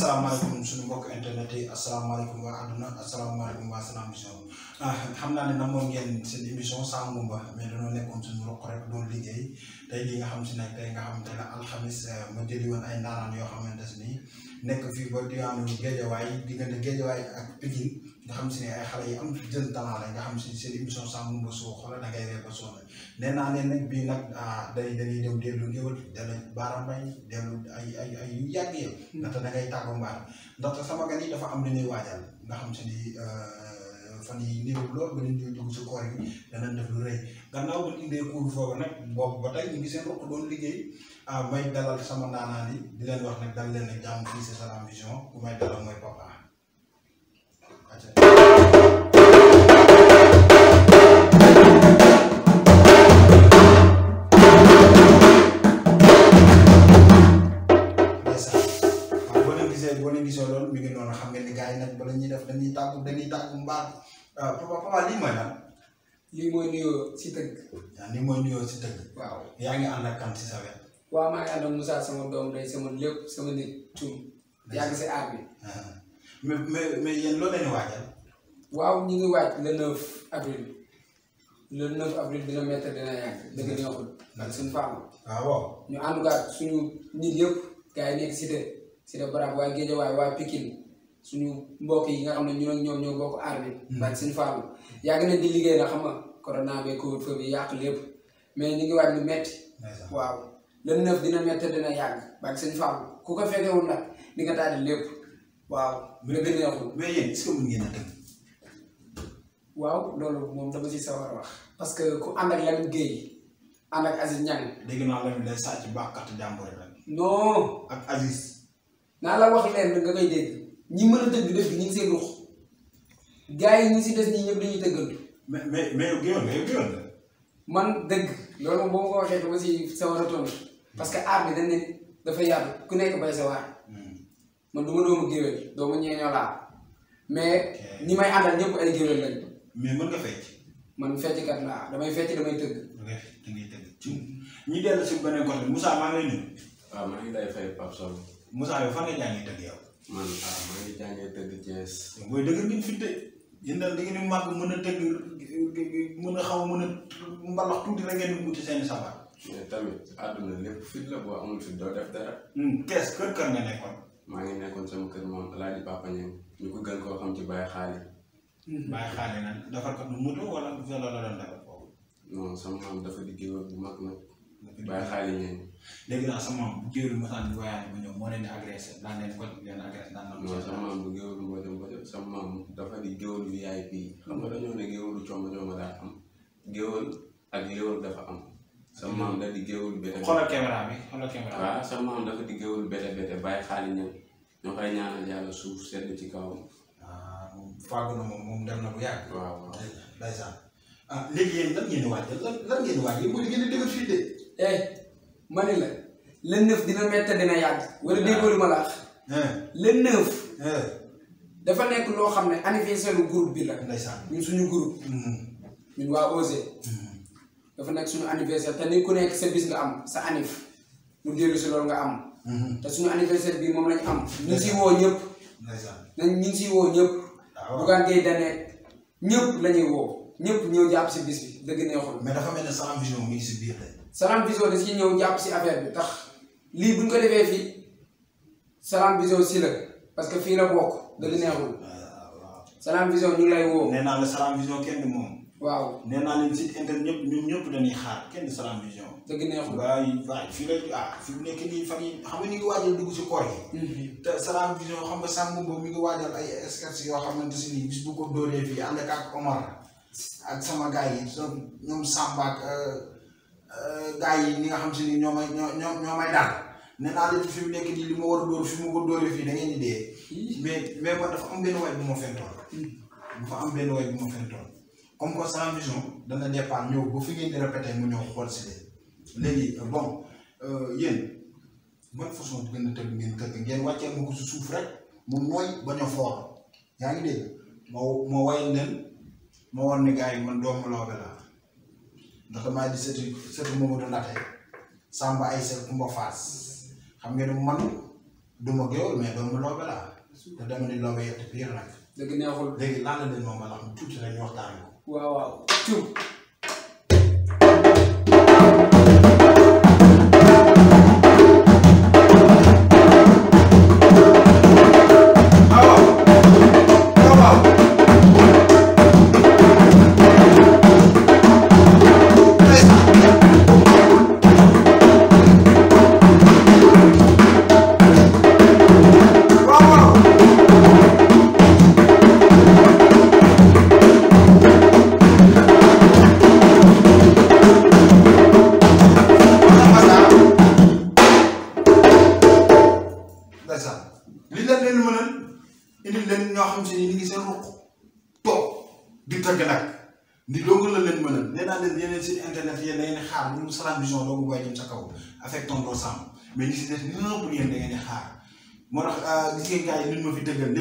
asalaamaaleykum suñu mbokk internet yi asalaamaaleykum waa àdduna asalaamaaleykum waa Salam Vision ah, xam naa ne nag moom ngeen seen émission Sam Ngoumba mais dañoo nekkoon suñu roq rek doon liggéey tey li nga xam si nag tey nga xam te ne alxamis eh, ma jëli woon ay ndaanaan yoo xam ne nii nekk fii ba diwaanu Géejawaay diggante Géejawaay ak Pikine nga xam si ne ay xale yi am jël talent la nga xam si seen émission sàmm mba soo xoola da ngay ree ba sonn nee naa ne nag bii nag ah, day dañuy ñëw dellu ngéwal dellu baarambay dellu ay ay ay yu yàgg yëpp hmm. ndaxte sama gan dafa am lu ñuy waajal nga xam si ni euh, fan yi néew loolu ba ñuy dugg si koor yi danañ def lu rëy gannaaw ba indee ñu ngi seen rokk doon liggéey ah, may dalal sama ndaanaan yi di leen wax nag dal leen jàmm fii si Salam Vision bu may dalal mooy papa def dañuy tàggu dañuy tàggu mbaar euh, papa papa lii mooy lii mooy nuyoo si tëgg. waaw lii mooy nuyoo si tëgg. waaw yaa ngi ànd ak si sa wet. waaw maa ngi ànd ak Moussa sama doom day sama lépp sama nit tuum. yaa ngi si aar bi. Euh, mais mais mais yéen loolu la ñu waaw ñu ngi waaj le 9 avril. le 9 avril dina métti dina yàgg dëgg neexul. ndax faamu. Ah, waaw ñu ànd ak suñu nit yëpp. gars yi nekk si de si de Barab waa Géejawaay waa Pikine. suñu mbokk yi nga xam ne ñun ak ñoom ñoo bokk aar bi. bàyyi suñu faalu yàgg nañ di liggéey nag xam nga corona bi couvre-feu mais ñu ngi waaj lu metti waaw le neuf dina métti dina yàgg bàyyi ku ko fekkewul nag di nga daal di lépp waaw. bu la gën a yàqu mais yéen est-ce que ngeen a dem. waaw loolu moom dama ci sawar wax. parce que ku ànd ak Lamine dégg naa Lamine day sàcc baax la wax leen nga koy dégg. ñi mën a tëgg dëgg ñu ngi seen ruux gars yi ñi si des ñi ñëpp dañuy tëggantu. mais mais mais yow géwél man dëgg loolu boo ma ko waxee dama parce que aar bi dañ ne ku nekk bay sa waar hmm. man du ma doomu géwél doomu laa mais ñi may àndal ñëpp ay géwél lañ. mais mën nga fecc. man fecc kat laa damay fecc damay tëgg. damay fecc damay si beneen côté Moussa maa ngi lay waaw ah, maa ngi fay Pape Sow. Moussa fan nga jàngee tëgg yow. man ah maa ngi jàngee tëgg Thiès. mooy dëgg ngeen fi de yéen daal da ngeen di mën a tëgg mën a xaw mën a mbalax tuuti rek ngeen di wuti seen sabar. mais tamit àdduna lépp fit la boo amul fit doo def dara. Hmm, Thiès kër kër nga nekkoon. maa ngi nekkoon sama kër moom El Hadj Papa ñu ko gën koo xam ci Baye Xaali. Hmm, Baye Xaali nag defar ko du moto wala vélo la doon defar foofu. non sama maam dafa liggéey bu mag nag Baye Xaali ñeen léegi daal sama géwél ma sànni voyage ma ñëw moo leen di agressé daan leen ko leen agressé daan na. non sama maam bu géwélu ma dem ba dem sama maam dafa di géwélu VIP xam nga dañoo ne géwélu coomo coomo daa am géwél ak géwél dafa am. sama maam da di géwélu bete. xoolal caméra bi xoolal caméra bi. waaw sama maam dafa di géwélu bete bete bàyyi xaalis ña ñoo koy ñaanal yàlla suuf sedd ci kawam. Ah, fàggu na moom moom dem na bu yàgg. waaw waaw ndeysaan ah léegi yéen lan ngeen di waajal lan lan ngeen di waajal yéen mooy li ngeen di déglu fii de. Eh, ma ne la le neuf dina métti dina yàgg. wala ah. déggoo li ma la ah. le neuf. Ah. dafa nekk loo xam ne anniversaire lu groupe bi la. ñun suñu groupe. Mm-hmm. ñu waa Osé. Mm-hmm. dafa nekk suñu anniversaire te ni ku nekk sa bis nga am sa anif mu dellu si loolu nga am. Mm-hmm. te suñu anniversaire bi moom lañ am. ñu ngi siy woo ñëpp. nañ ñu ngi siy woo ñëpp. waaw Bougane Gueye Dany ñëpp la ñuy woo ñëpp ñëw jàpp si bis bi dëgg neexul. mais dafa mel ne sa ambition mi ngi si biir rek. Salam Vision da ciy ñëw jàpp si affaire bi tax lii bu ko defee fii Salam Vision si la parce que fii la bokk dëgg neexul. Ah, Salam Vision ñu ngi lay woo. nee naa la Salam Vision kenn moom. waaw nee naa leen site internet ñëpp ñun ñëpp dañuy xaar kenn du Salam Vision. dëgg neexul waaye waaye fii la ah nekk nii fan yii xam nga ñu ngi waajal dugg si koor yi. Mhm. te Salam Vision xam nga sàmm boobu mi ngi waajal ay escarts yoo xamante ne nii bis bu ko dóoree fii ànd ak Omar ak sama gars yi ñoom Samba ak. Euh, Euh, gars yi ñi nga xam si ni ñoo may ñoo ñoo may daal nee naa leen fi mu nekk nii li ma war a dóor fi ma ko dóoree fii da ngeen mais mais man dafa am benn way bu ma fentoon am benn way bu ma fentoon comme que Salam Vision dana départ ñëw ba fi ngeen di répété mu ñëw xool si de léegi euh, bon euh, yéen bonne façon bu gën a tëgg ngeen tëgg ngeen wàccee ma ko suuf rek mu nooy bañ a foor yaa ngi dégg moo moo war ne gars yi man doomu loobe ndax damaa di sëtu sëtu Mamadou Ndatte Samba ay sel Kumba Faas xam ngeen ne man du ma géwél mais doomu loobe laa te dama ni loobe yett piir nag. léegi neexul léegi lan la leen moom ma la xam tuuti nañu waxtaan ko. waaw waaw li dong la leen mën a nee leen yeneen seen internet yéen da ngeen di xaar bu mu Salam Vision doo ko booy jëm sa kaw affectons nos sàmm mais li si des li nëpp ngeen xaar moo tax ah, gis ngeen ma fi tëggal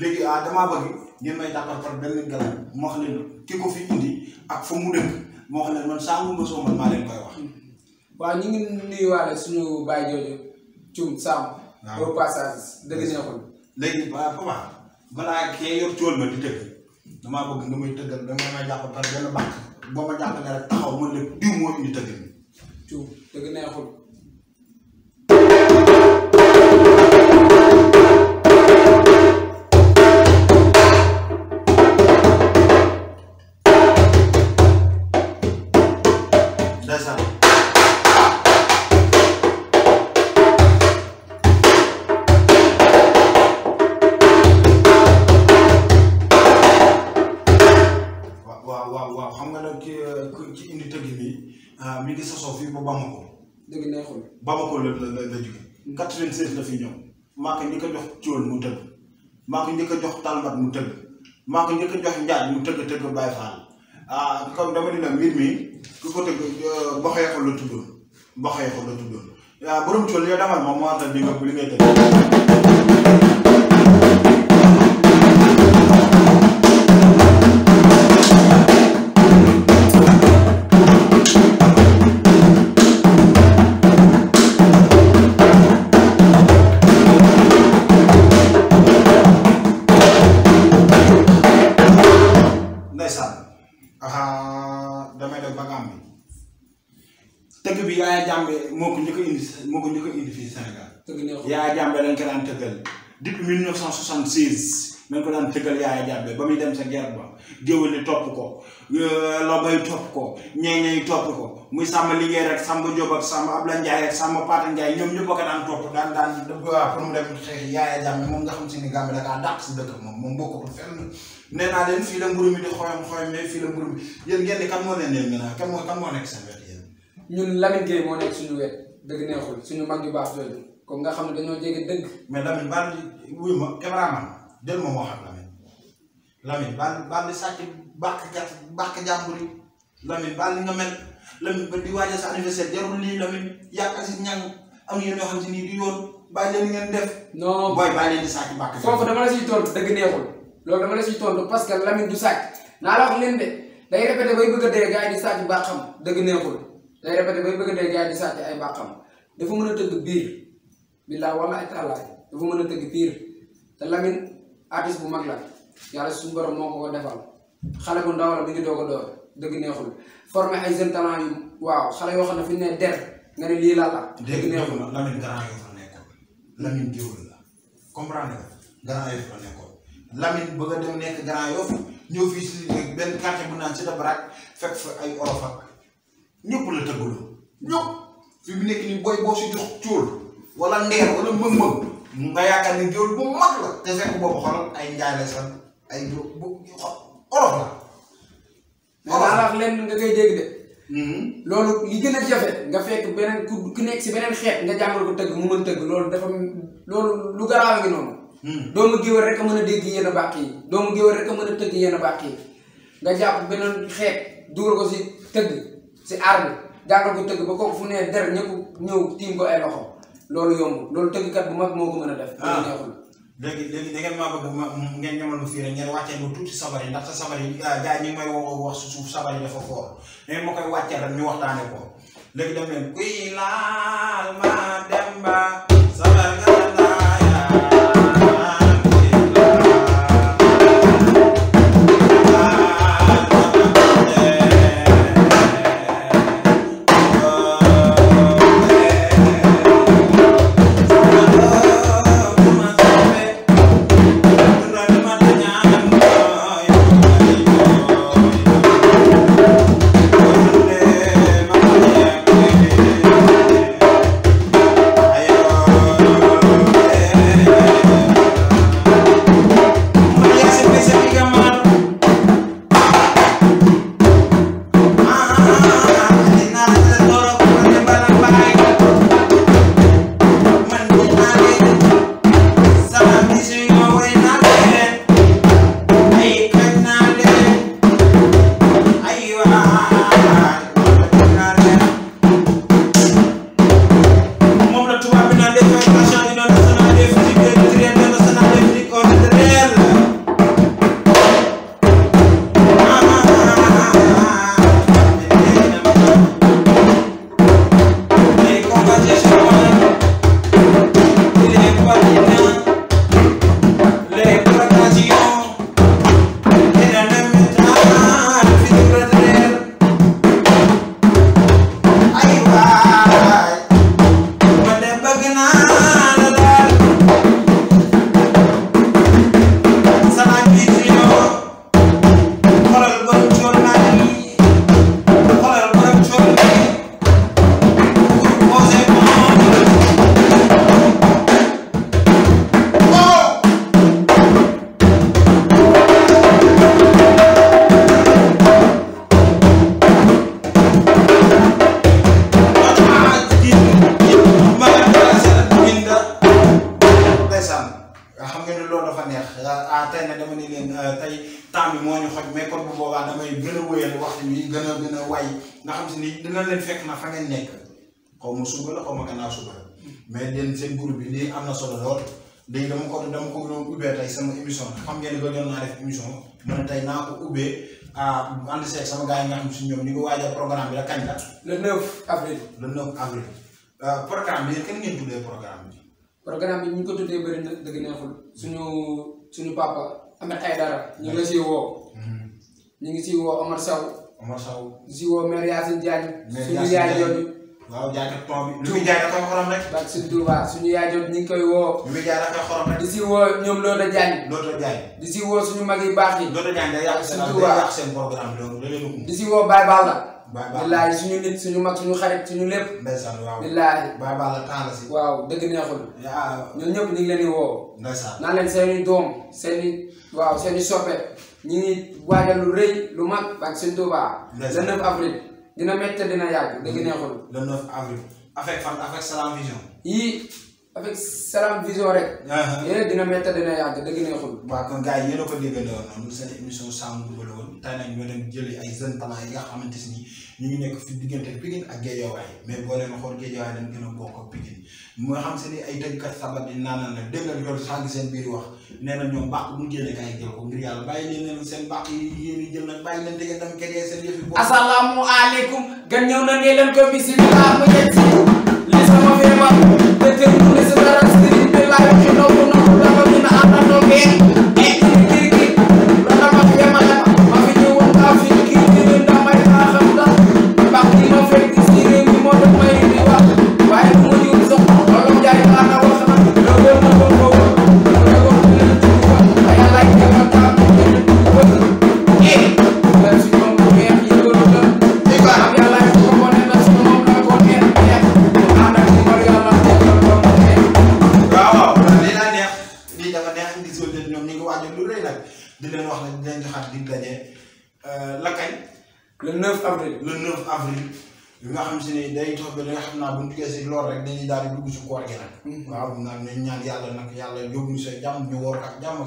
léegi ah damaa bëgg ngeen may dàqal par benn galam moo xam ne ki ko fi indi ak fa mu dëkk moo xam ne man sàmm ma soo man maa leen koy wax. waaw ñu ngi nuyuwaale suñu baay jooju Thioune Samb. waaw au passage dëgg neexul. ba papa balaa kee yor tool ma damaa bëgg nga may tëggal da nga may jàpp par benn bànq boo ma jàppalee rek taxaw ma lépp diw moo indi tëgg. tuut dëgg neexul. sosoo fii ba Bamako. dëgg neexul Bamako la la la jógee. 96 la fi ñëw. maa ko njëkk a jox Thion mu tëgg. maa ko njëkk a jox Talmbat mu tëgg. maa ko njëkk a jox Njaaj mu tëgg tëgg Baye Fall. ah comme dama dina mbir mi ku ko tëgg mboxeexu euh, la tuddoon mboxeexu la tuddoon waaw ah, borom Thion yow damal moom moo tax li nga li yaaya a lañ ko daan tëggal depuis 1976 nañ ko daan tëggal yaaya jàmbe ko lobay topp ko euh, ñeeñey topp ko muy a ko daan topp daan daan mu dem xeex yaaya jàmbe moom nga xam si ni Gàmbi da kaa dàq si dëkk moom moom bokkatul fenn nee naa leen fii la mburu mi di xoyom xoyom mais fii la mburu mi yéen ngeen di kan moo leen leen gënaa moo nekk seen wet yéen ñun Lamine Gueye moo nekk suñu wet dëgg neexul suñu mag yu baax jooju kon nga xam ne dañoo jege dëgg. mais Lamine baal wuyu ma caméraman del ma wax ak Lamine Lamine baal baal sàcc bàq jàmbur yi Lamine baal li nga mel Lamine ba di waaja sa anniversaire jarul lii Lamine yàq si ñàng am yéen yoo xam si nii du yoon bàyyi leen ngeen def. non booy bàyyi leen di sàcc bàq. foofu dama la siy tontu dëgg neexul loolu dama la siy tontu parce que sàcc naa la wax leen de day répété bay bëgg a dee gars yi di sàcc bàqam dëgg neexul day répété bay bëgg a dee gars yi di sàcc ay bàqam billaa wala ay tàllaay dafa mën a tëgg piir te Lamine artiste bu mag la yàlla suñu borom moo ko ko defal xale bu ndaw la bi ngi doog a door dëgg neexul former ay jeunes talent waaw xale yoo xam ne fi ñu ne der nga ne lii laa la. dëgg neexul Lamine garaan yoo fa nekkoon Lamine bëgg a dem nekk garaan yoo fa ñëw fii si benn quartier bu naan si la barak fekk fa ay orof ak ñëpp la tëggaloo ñëpp fi mu nekk nii booy si jox cóol. wala ndeer wala mëg-mëg nga yaakaar ni géwél bu mag la te fekk boobu xoolal ay njaay la sant ay bu bu olof la. nga koy dégg de. Hmm? loolu li gën a jafe nga fekk beneen ku ku nekk si beneen xeet nga jàngal mu mën tëgg loolu dafa loolu lu garaaw noonu. Hmm. doomu géwél rek a mën a dégg yenn bàq yi doomu géwél a mën a tëgg yenn bàq yi nga jàpp beneen xeet dugal ko si tëgg si aar bi jàngal ko tëgg ba kooku fu ne der ñëpp ñëw tiim ko ay loxo. loolu yomb loolu tëggkat bu mag moo ko mën a def. ah neexul léegi léegi da ngeen maa bëgg ma ngeen ñamal ma fii rek ngeen wàccee lu tuuti sabar yi ndax sabar yi ah, gars yi ñu may woo wax su suuf sabar yi dafa foor mais ma koy wàccee rek ñu waxtaanee ko léegi dem leen kuy laal ma demba fekk na fa ngeen nekk xaw ma suba la xaw ma mais den seen groupe bi lii am na solo lool léegi dama ko dama ko doon ubbee tey sama émission xam ngeen ko doon naa def émission man tey naa ko ubbee ah ànd seeg sama gars a nga xam si ñoom ñu ngi waajal programme bi la kañ la. le avril. le avril euh, programme bi ñu ko tuddee bëri na dëgg neexul suñu suñu papa Ahmed Aïdara ñu ngi siy woo. Mhm. ñu ngi siy woo Omar Sow. Omar Sow. Ziwo mère Yacine Diagne. suñu yaay jooju. waaw jaajëf pont bi. suñu Touba suñu yaay ñu ngi koy woo. lu di si woo ñoom Loota Diagne. Loota Diagne. di si woo suñu mag yi baax yi. Loota Diagne day yàq da leen di si woo Baye Balla. baay baal billaahi suñu nit suñu mag suñu xarit suñu lépp. ndeysaan waaw billaahi. baay baal la temps la si. waaw dëgg neexul. ñun ñëpp ñu ngi leen di woo. ndeysaan naan leen seen doom seen i waaw seeni i ñu ngi waajal lu rëy lu mag ak sëñ Touba. le 9 dina métti dina yàgg dëgg neexul. le 9 avril. avec fan avec Salam Vision. avec Salam Vision rek. Uh-huh. yéen dina métti dina yàgg dëgg neexul. waaw kon gars yi yéen a ko déggandoo noonu seen émission Saamu Dugal woon tey nag ñoo dem ay jeunes talent yi nga xamante ni ñu ngi nekk fi diggante Pikine ak Guédiawaye mais boo leen xool Guédiawaye dañ gën a bokk ak Pikine moo xam se ni ay tëggkat sabar di naanaan la a nga loolu sànq seen biir wax nee na ñoom mbàq bu ñu génnee kay jël ko yàlla bàyyi seen mbàq yi yéen yi jël nag bàyyi leen dégg dem kéré seen yëf yi. asalaamaaleykum gan ñëw na ngeen ko dara sëriñ bi laaj ci nopp nopp dafa dina àndandoo ngeen le 9 avril le 9 avril. bi nga xam si ne day toog ba nga xam naa bu ñu tukkee si loolu rek dañuy daal di dugg si koor gi nag. Mhm. waaw naan ñaan yàlla nag yàlla yóbbu ñu sa jàmm ñu woor ak jàmm a ñu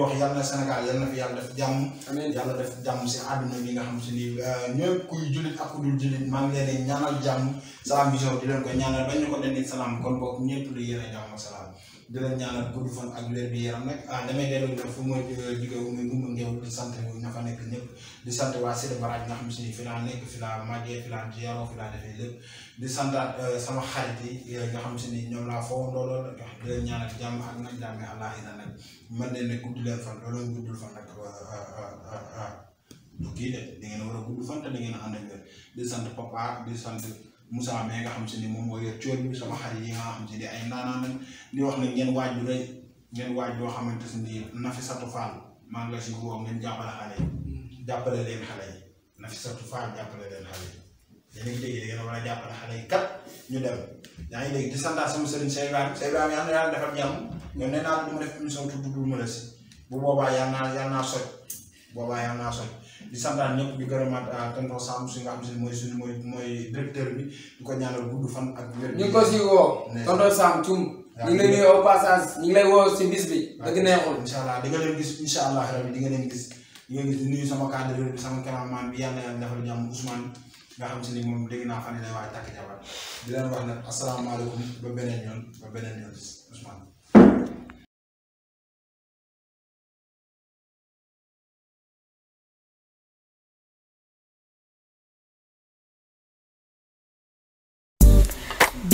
wax yàlla na Sénégal yàlla fi jàmm. amiin yàlla def jàmm si àdduna bi nga xam si ni euh, ñëpp kuy jullit ak ku dul jullit maa ngi leen di ñaanal jàmm Salam Vision di leen ko ñaanal bañ ñu ko dendee salaam kon boog ñëpp lu yéene jàmm salaam. di leen ñaanal gudd fan ak wér bi yaram nag ah damay delloo nag fu euh, muy ngumba ngeew di sant ña fa nekk sant waa Sida Baraaj nekk fi laa màggee fi laa yaroo fi di santaat euh, sama xarit yi euh, nga xam ñoom laa foo looloo la ak nag fan looloo du kii de da ngeen a a gudd fan te da ngeen a ànd ak di sant papa di sant. Moussa mais nga xam si ne moom moo yor cóol bi sama nga xam si ne ay naanaan lañ di wax ne ngeen waaj lu rëy ngeen waaj loo xamante ni Nafissatou Fall maa ngi la si woo ngeen jàppale xale yi jàppale leen xale yi Nafissatou Fall jàppale leen xale yi. yéen a ngi dégg yéen a war ñu dem yaa ngi dégg di santaat sama sëriñ Cheikh Ibrahima Cheikh Ibrahima yàlla na yàlla naa du ma def émission tudd du ma la si bu boobaa yàlla naa yàlla naa soj boobaa yàlla naa soj di santaan ñëpp di gërëmaat ah, tonton Sam si nga xam si mooy suñu mooy mooy directeur bi di ko ñaanal gudd fan ak wér. ñu ngi ko si bi. dëgg neexul incha allah di nga leen gis incha allah rabi di nga leen gis di nga gis nuyu sama cadre bi sama cameraman bi yàlla yàlla defal jàmm Ousmane nga xam si ni moom dégg naa fan yii lay waaye takk jabar di leen wax nag asalaamaaleykum ba beneen yoon ba beneen yoon Ousmane.